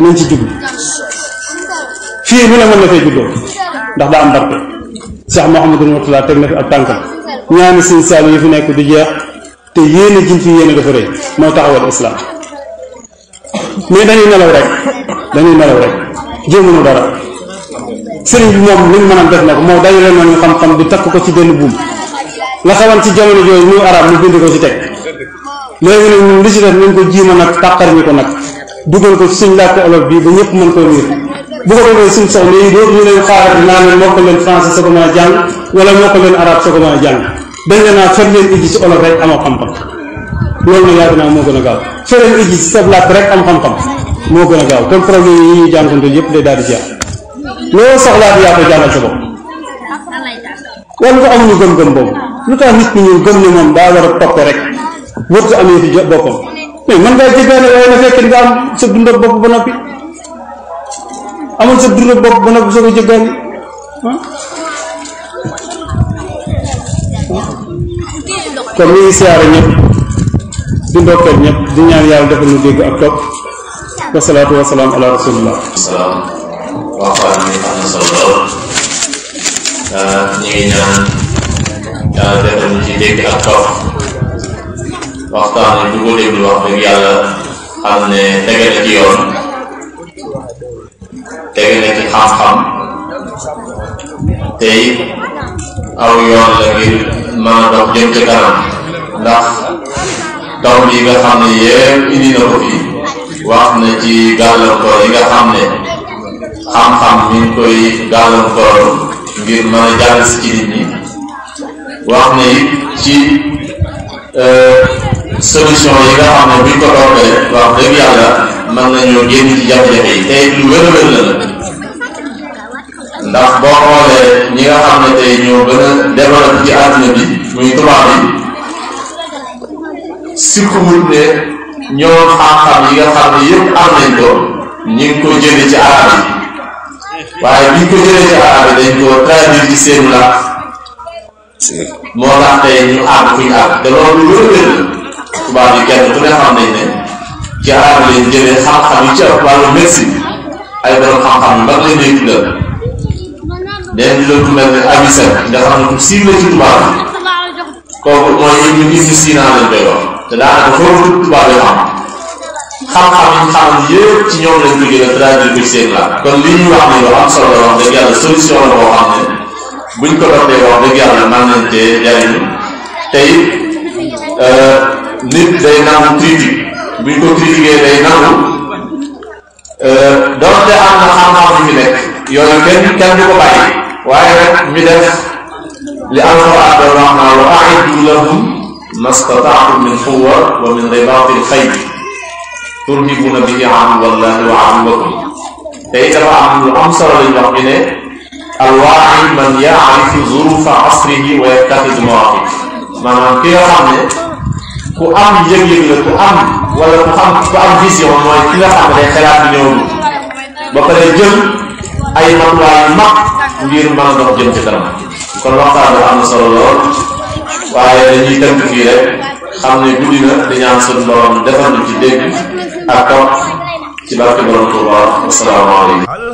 nañ ci jublu fii mu ne mën na fee juddoo ndax daa am barke sax Mouhamadou Mourtala teg na fi ab tànkam ñaani sëñ Saliou yi fi nekk du jeex te yéene jëm ci yéene dafa rëy moo taxawal islam mais dañuy nelaw rek dañuy nelaw rek jéemuñu dara sëriñ bi moom li ñu mën a def na ko moo dajale noonu xam-xam bi takk ko ci benn buum la xawan ci jamono jooju muy arab mu bind ko ci teg léegi nag ñun li ci def nañ ko jiima nag tàqar ñu ko nag dugal ko suñ làkk olof bi ba ñëpp mën koo miir bu ko defee suñ sax léegi dootu ñu leen xaaral naa leen mokk leen français soo ko mën a jàng wala mokk leen arabe soo ko mën a jàng dañ la naa fer leen moo gën a gaaw fer leen ijji si sablaat rek am xam-xam moo gën a gaaw kon problème yi ñuy jànkuwanteel yëpp day daal di jeex loolu soxlaat yaa ko jàngal sa bopp wala ko amuñu gëm-gëm boobu lu tax nit ñi ñu gëm ne moom daa war a topp rek wërtu amee fi boppam mais mën ngaa jéggaane waaye na fekk nga am sa amoon sa dund bopp ba nag soog a jëggaani kon ñu ngi siyaare ñëpp di ndokkeel ñëpp di ñaan yàlla defal ñu dégg ak topp waxtaan bi am na dégg wax dëgg yàlla xam ne tege na ci yoon teg na ci xam-xam te it la ngir mën a dox jëm ca kanam ndax taw yi nga xam ne yépp indi na ko fi wax na ci gàllankoor yi nga xam ne xam-xam mi ngi koy gàllankoor ngir mën a jàll si ci nit ñi wax na it ci solution yi nga xam ne buñ ko toppee wax dëgg yàlla mën nañoo génn ci jafe-jafe yi tey lu wér wér la la ndax boo xoolee ñi nga xam ne tey ñoo gën a développé ci àdduna yi sikkuwut ne ñoo xam nañ ko ñu ngi ko jële ci arab yi waaye bi ko jëlee ci arab yi dañ koo traduire ci seenu làkk moo tax tey ñu ñu àgg te loolu lu wér-wér la tubaab yi kenn ku ne xam nañ ne ci aar leen xam-xam yi ci ëpp wàllu ay borom xam-xam mag la ñuy tuddal neen di la tuddal ne Avicenne nga xam ne ku siiw la ci tubaab yi kooku mooy ñu ngi ñu Sina lañ koy wax te daanaka foofu tubaab xam xam-xam yi xam yëpp ci ñoom lañ jógee la traité du siècle la kon li ñuy wax ne lu am solo wax dëgg yàlla xam ne buñ ko doxee wax dëgg yàlla mën nañ cee jariñu tey. Euh, nit day nangu critique bu ñu ko critiquer day nangu euh, doonte am na xam-xam bi fi nekk yooyu kenn kenn du ko bàyyi waaye rek mi def li alquran doon wax naa wa min quwa wa min ribatil xayl turhibuna bihi aduwallahi am lu am solo lañ wax bi ne alwaai man yaarifu wa yattaxid mawaqif maanaam ku am yëg-yëg la ku am wala ku xam ku am vision mooy ki xam ne day xalaat bi ñëw ba pare jël ay matuwaay yu ma ngir mën a dox jëm ci kanam kon waxtaan bi am na solo waaye dañuy tënk fii rek xam ne guddi na di ñaan suñu borom defal ñu ci dégg ak topp ci barke borom Tuuba asalaamaaleykum